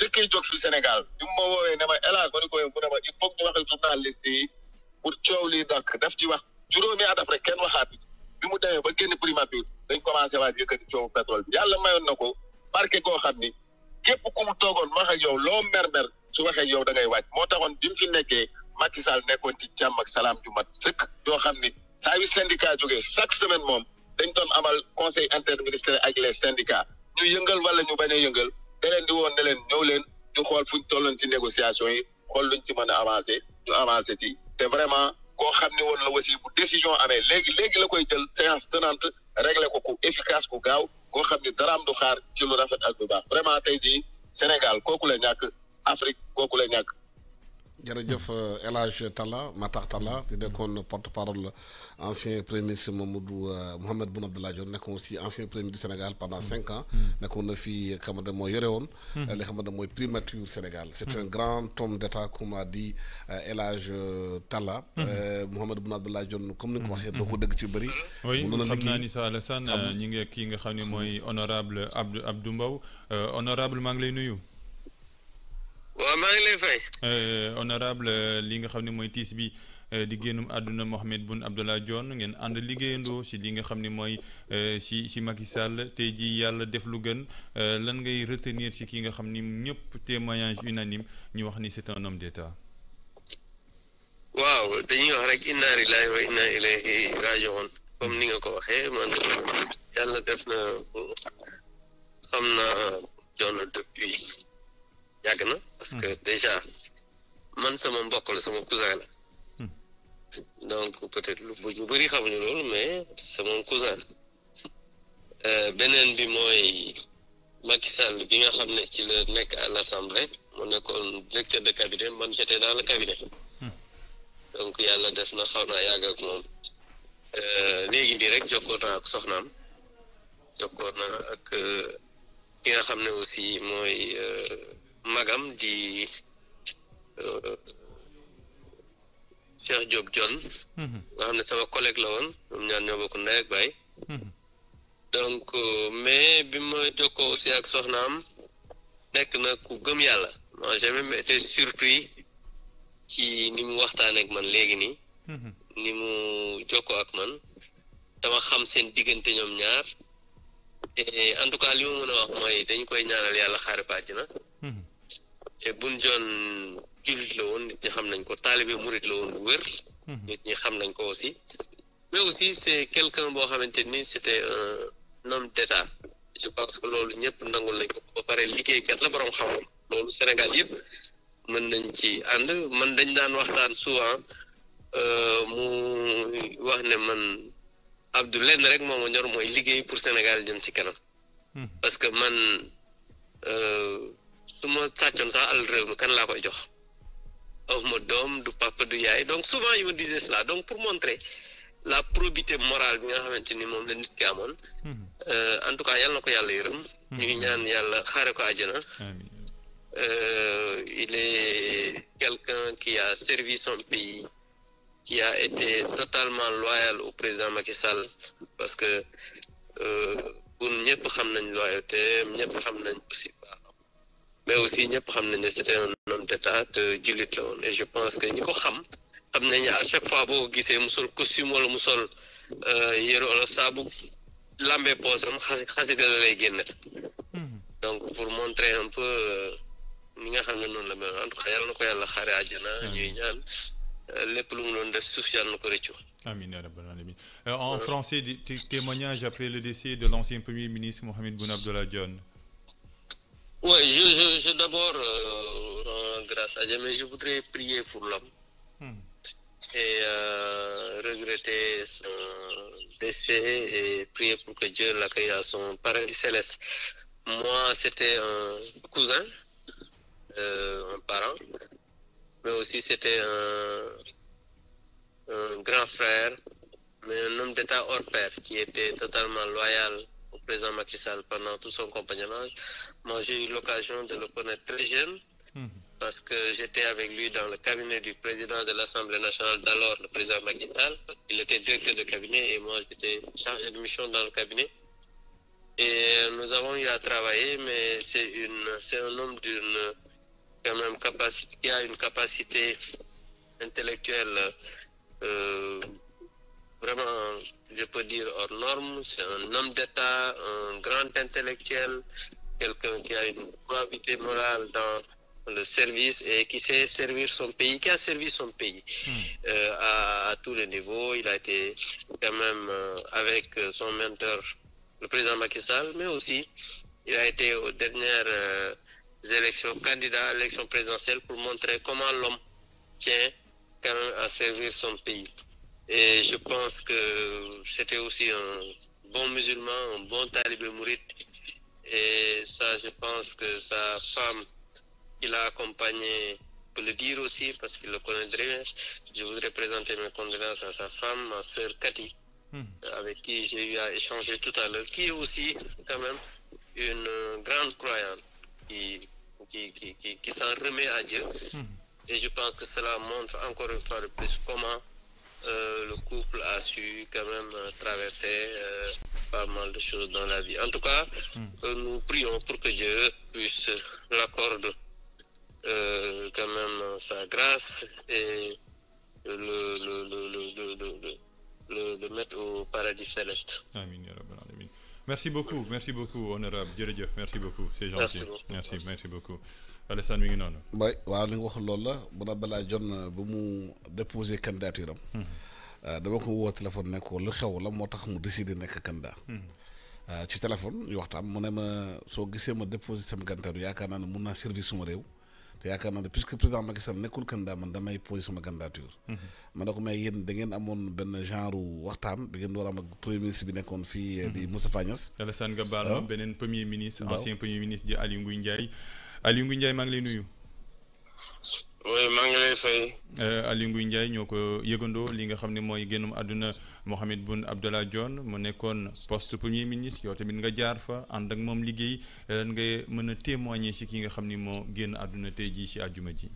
njëkkee jot fi Sénégal bi mu ma ne ma élage ma ni ko mu ne ma il faut que ñu wax yi pour coow lii dakk daf ci wax juróomi at après kenn waxaat bi mu demee ba génn primature dañ commencé waaj yëkkati coowu pétrole bi yàlla mayoon na ko barke koo xam ni képp ku mu toogoon wax ak yow loo mer-mer su waxee yow dangay ngay moo taxoon bi mu fi nekkee Macky Sall nekkoon ci jàmm ak salaam ju mat sëkk yoo xam ni saa yu syndicat jógee chaque semaine moom dañ doon amal conseil interministériel ak les syndicats ñu yëngal wala ñu bañ a yëngal da leen di woon ne leen ñëw leen ñu xool fuñ tolloon ci négociation yi xool luñ ci mën a avancer ñu avancer ci te vraiment koo xam ne woon la aussi bu décision amee léegi léegi la koy jël séance tenante régler ko ku efficace ku gaaw koo xam ne daraam du xaar ci lu rafet ak bu baax vraiment tey jii Sénégal kooku la ñàkk Afrique kooku la ñàkk jërëjëf euh, El Hadj Talla Matar Talla di nekkoon porte-parole ancien premier ministre Mamadou euh, Mouhamed Boun Abdallah Dionne nekkoon aussi ancien premier ministre du Sénégal pendant cinq ans. Mm. nekkoon na fii euh, xam ne yore woon. Mm. li xam ne mooy primature Sénégal. c'est mm. un grand homme d'État comme a dit El Hadj Talla. Mouhamed Boun Abdallah Dionne comme ni nga ko waxee doo ko dëgg ci bëri. mun na liggéey oui xam naa ni sa Alassane ñi ngi kii nga xam ne mooy honorable Abdou Abdou Mbow honorable maa ngi lay nuyu. waaw maa ngi lay fay. Euh, honorable euh, li nga xam ne mooy tiis bi euh, di génnum àdduna Mohamed Boun Abdallah Dionne ngeen ànd liggéeyandoo si li nga xam ne mooy si si Macky Sall tey jii yàlla def lu gën lan ngay retenir si ki nga xam ni ñëpp témoignage unanime ñu wax ni c'est un homme d'état. waaw dañuy wax rek inna lillahi wa inna comme ni nga ko waxee man yàlla def na xam na Dionne depuis. yàgg na parce que hmm. déjà man sama mbokk la sama cousin la hmm. donc peut-être lu ñu bëri xamuñu loolu mais sama cousin euh, beneen bi mooy Macky Sall bi nga xam ne ci la nekk à l'Assemblée mu nekkoon directeur de cabinet man j'étais dans le cabinet hmm. donc yàlla def na xaw naa yàgg ak moom euh, léegi di rek jokkoo naa ak soxnaam jokkoo naa ak euh, ki nga xam ne aussi mooy magam di euh, Cheikh Diop John mhm. nga xam ne sama collègue la woon ñoom ñaar ñoo bokk ndey ak baay mhm. donc euh, mais bi ma jokkoo aussi ak soxnaam nekk na ku gëm yàlla moi j'ai même été surpris ci ni mu waxtaanee ak man léegi nii mhm. ni mu jokkoo ak man dama xam seen diggante ñoom ñaar te en tout cas li ma mën a wax mooy dañ koy ñaanal yàlla xaari bàjj na te bun joon jullit la woon nit ñi xam nañ ko taalibe murit la woon bu wér mhm. nit ñi xam nañ ko aussi mais aussi c'est quelqu'un boo xamante ni c'était un homme d'état je pense que loolu ñëpp nangul nañ ko ba pare liggéeykat la borom xamoon loolu Sénégal yëpp mën nañ ci ànd man dañ daan waxtaan souvent euh, mu wax ne man Abdou lenn rek moom a ñor mooy liggéey pour Sénégal jëm ci kanam mhm. parce que man euh, su ma sàccoon sax alal réew mi kan laa koy jox aw ma doom du papa du yaay donc souvent il me disait cela donc pour montrer la probité morale bi nga xamante ni moom la nit ki amoon mhm. euh, en tout cas yàlla na ko yàlla yërëm ñu ngi mhm. ñaan yàlla xare ko àjjana euh, il est quelqu'un qui a servi son pays qui a été totalement loyal au président Macky Sall parce que euh, ñëpp xam nañ loyauté ñëpp xam nañ aussi mais aussi ñëpp xam nañ ne c'était un homme d'état te jullit ko xam xam nañ à chaque boo gisee mu sol costume wala mu sol euh, yëru wala saabu lambee poosam xasi xasida la lay génne mhm. pour montrer un peu euh, nga xam ne noonu la mel en tout cas yàlla na ko yàlla xaare àjjana ñuy ñaan euh, lépp lu mu doon def suuf yàlla na ko rëccu en français des après le décès de l'ancien premier ministre Mohamed Boun Abdallah Dionne Oui, je, je, je d'abord euh, rends à Dieu, mais je voudrais prier pour l'homme mm. et euh, regretter son décès et prier pour que Dieu l'accueille à son céleste. Moi, c'était un cousin, euh, un parent, mais aussi c'était un, un grand frère, mais un homme d'État hors pair qui était totalement loyal au président Macky Sall pendant tout son compagnonnage. j'ai eu l'occasion de le connaître très jeune mhm. parce que j'étais avec lui dans le cabinet du président de l'Assemblée nationale d'alors, le président Macky Sall. Il était directeur de cabinet et j'étais chargé de mission dans le cabinet. Et euh, nous avons eu à travailler, mais c'est une, c'est un homme d'une capacité, intellectuelle euh, peut dire hors norme, un homme d'État, un grand intellectuel, quelqu'un qui morale dans le service et qui sait servir son pays, qui a servi son pays hmm. euh, à, tous les niveaux. Il a été quand même euh, avec son mentor, le président Macky mais aussi il a été aux dernières euh, élections, candidat à l'élection présidentielle pour montrer comment l'homme tient à servir son pays. je pense que c'était aussi un bon musulman, un bon talibé mouride. Et ça, je pense que sa femme, il a accompagné pour le dire aussi, parce qu'il le connaît très Je voudrais présenter mes condoléances à sa femme, ma sœur Cathy, hmm. avec qui j'ai eu tout à l'heure, qui est aussi quand même une grande croyante qui, s'en remet à Dieu. Hmm. Et je pense que cela montre encore une fois de plus comment euh, le couple a su quand même euh, traverser euh, pas mal de choses dans la vie. En tout cas, mm. nous prions pour que Dieu puisse l'accorde quand même sa grâce et le, mettre au paradis céleste. merci beaucoup merci beaucoup honorable jërëjëf merci beaucoup c'est gentil merci merci beaucoup Alassane mi ngi noonu bay waaw li nga wax loolu la bun Abdallah Dionne ba mu déposé candidature am hmm. euh, dama ko woo téléphone ne ko lu xew la moo tax mu décidé nekk candidat hmm. euh, ci téléphone yu waxtaan mu ne ma soo gisee ma déposé sama candidature yaakaar naa ne mun naa service suma réew te yaakaar naa ne puisque président Macky Sall nekkul candidat man damay posé sama candidature. Mhm. ma ne ko mais yéen da ngeen amoon benn genre waxtaan bi ngeen war ak premier ministre bi nekkoon fii. Eh, di mhm. Moustapha Niass. Alassane nga baal ma beneen premier ministre. ancien premier ministre di Aliou Ngouille Ndiaye Aliou Ngouille Ndiaye maa ngi lay nuyu. oui maa ngi lay fay. Euh, Aly Ngouille Ndiaye ñoo ko yëgandoo li nga xam ne mooy génnum àdduna Mohamed Boun Abdallah Dionne mu nekkoon poste premier ministre yoo tamit nga jaar fa ànd ak moom liggéey lan euh, nga mën a témoigner ci ki nga xam ni moo génn àdduna tey jii ci àjjuma ji.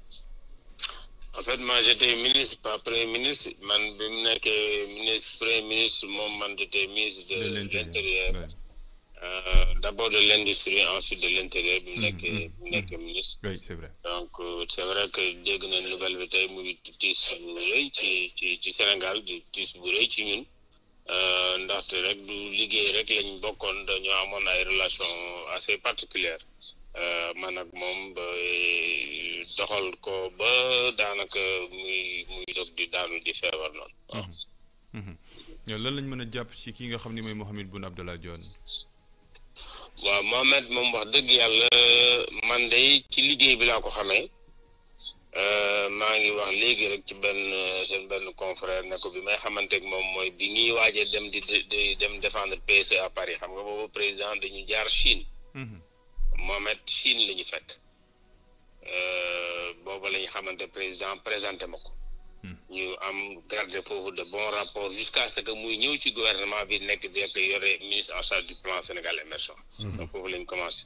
en fait man j'étais ministre pas premier ministre man bi mu nekkee premier ministre moom man j'étais ministre de l'intérieur euh, d'abord de l'industrie ensuite de l'intérieur bi mu nekkee mu nekkee ministre. donc euh, c'est vrai que dégg nañ nouvelle bi tey muy tiis bu rëy ci ci ci Sénégal di tiis bu rëy ci ñun euh, ndaxte rek du liggéey rek lañ bokkoon dañoo amoon ay relation assez particulière euh, man ak moom ba doxal ko ba daanaka muy muy dog di daanu di feebar noonu. Mhm. Mhm. lan lañ mën a jàpp ci ki nga xam ni mooy Mahammed Boun Abdallah Dionne. waaw Mohamed moom wax dëgg yàlla man de ci liggéey bi laa ko xamee euh, maa ngi wax léegi rek ci benn seen benn confrère ne ko bi may xamante ak moom mooy bi ñuy waajee dem di dem défendre PSE à Paris xam nga boobu président dañu jaar Chine. Mhm. Mohamed Chine la ñu fekk euh, boobu la ñu xamante président présenté ma ko. ñu am garder foofu de bons rapports jusqu'à ce que muy ñëw ci gouvernement bi nekk fekk yore ministre en charge du plan Sénégal émergent mhm. donc foofu lañ commencé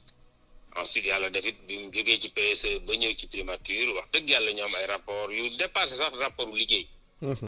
ensuite yàlla def it bi mu jógee ci PSE ba ñëw ci primature wax dëgg yàlla ñu am ay rapports yu dépassé sax rapport liggéey mhm.